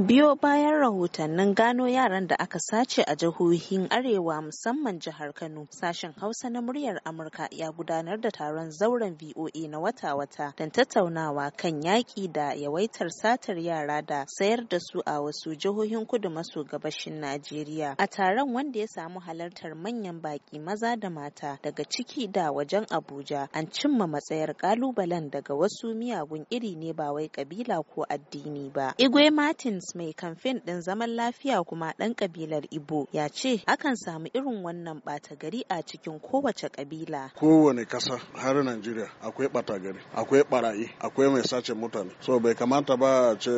Biyo bayan rahotannin gano yaran da aka sace a jihohin Arewa musamman jihar Kano, sashen Hausa na muryar Amurka ya gudanar da taron zauren VOA na wata-wata don tattaunawa kan yaƙi da yawaitar satar yara da sayar da su a wasu jihohin kudu maso gabashin Najeriya. A taron wanda ya samu halartar manyan baƙi maza da mata daga ciki da wajen Abuja, an cimma matsayar ƙalubalen daga wasu miyagun iri ne ba wai ƙabila ko addini ba. Igwe Martins Idris mai kamfen ɗin zaman lafiya kuma ɗan ƙabilar Ibo ya ce akan samu irin wannan ɓata gari a cikin kowace ƙabila. Kowane ƙasa har Najeriya akwai ɓata gari, akwai ɓarayi, akwai mai sace mutane. So bai kamata ba a ce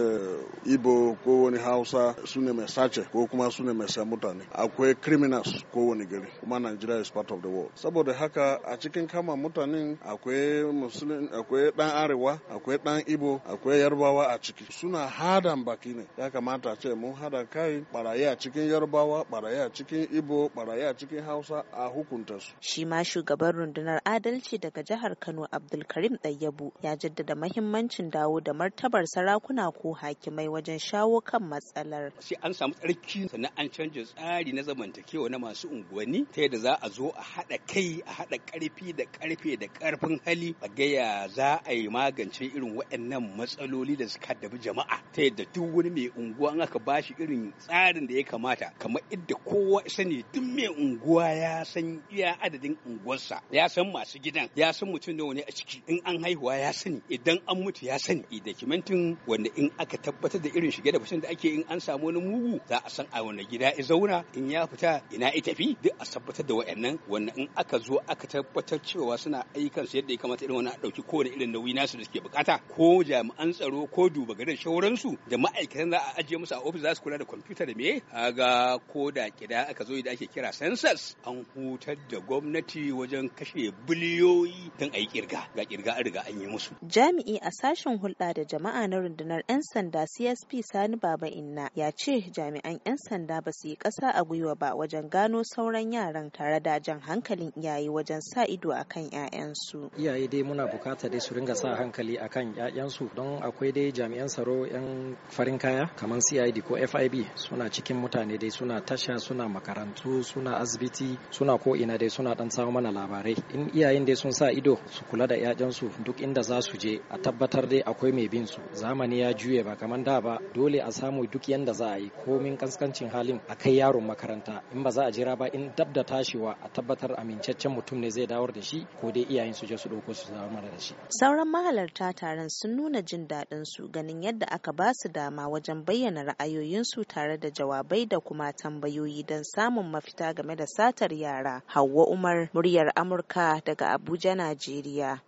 Ibo ko wani Hausa su ne mai sace ko kuma su ne mai sa mutane. Akwai criminals kowane gari kuma Najeriya is part of the world. Saboda haka a cikin kama mutanen akwai musulun akwai ɗan arewa akwai ɗan ibo akwai yarbawa a ciki suna hadan baki ne ya kamata ce mun hada kai baraye a cikin yarbawa baraye a cikin ibo baraye a cikin hausa a hukunta su shi ma shugaban rundunar adalci daga jihar kano abdulkarim ɗayyabu ya jaddada mahimmancin dawo da martabar sarakuna ko hakimai wajen shawo kan matsalar shi an samu tsarki sannan an canja tsari na zamantakewa na masu unguwanni ta yadda za a zo a haɗa kai a haɗa karfi da karfe da karfin hali a gaya za a yi magance irin waɗannan matsaloli da suka dabi jama'a ta yadda duk wani mai unguwa in aka ba shi irin tsarin da ya kamata kamar idda kowa sani duk mai unguwa ya san iya adadin unguwarsa ya san masu gidan ya san mutum nawa ne a ciki in an haihuwa ya sani idan an mutu ya sani i e, dokumentin wanda in aka tabbatar da irin shige da fitan da ake in an samu wani mugu za a san a wani gida ya zauna in ya fita ina ya tafi duk a tabbatar da wa'annan wanda in aka zo aka tabbatar cewa suna ayyukan su yadda ya kamata irin wani a dauki kowane irin nauyi nasu da suke bukata ko jami'an tsaro ko duba garin shauransu da ma'aikatan za a ajiye musu a ofis za su kula da kwamfuta da me ga ko da kida aka zo da ake kira census an hutar da gwamnati wajen kashe biliyoyi don a yi kirga ga kirga an riga an yi musu jami'i a sashen hulɗa da jama'a na rundunar 'yan sanda csp sani baba inna ya ce jami'an 'yan sanda ba su yi ƙasa a gwiwa ba wajen gano sauran yaran tare da jan hankalin iyaye wajen sa ido akan 'ya'yansu iyaye dai muna bukatar dai su ringa sa hankali akan ƴaƴansu don akwai dai jami'an tsaro 'yan farin kaya baya kamar cid ko fib suna cikin mutane dai suna tasha suna makarantu suna asibiti suna ko ina dai suna dan samu mana labarai in iyayen dai sun sa ido su kula da 'ya'yansu duk inda za su je a tabbatar dai akwai mai bin su zamani ya juye ba kamar da ba dole a samu duk yanda za a yi komin kaskancin halin a kai yaron makaranta in ba za a jira ba in dab da tashiwa a tabbatar amincaccen mutum ne zai dawo da shi ko dai iyayen su je su dauko su zama da shi sauran mahalarta taron sun nuna jin daɗin su ganin yadda aka ba su dama wajen wajen bayyana ra'ayoyinsu tare da jawabai da kuma tambayoyi don samun mafita game da satar yara. Hauwa Umar, muryar Amurka daga Abuja, Najeriya.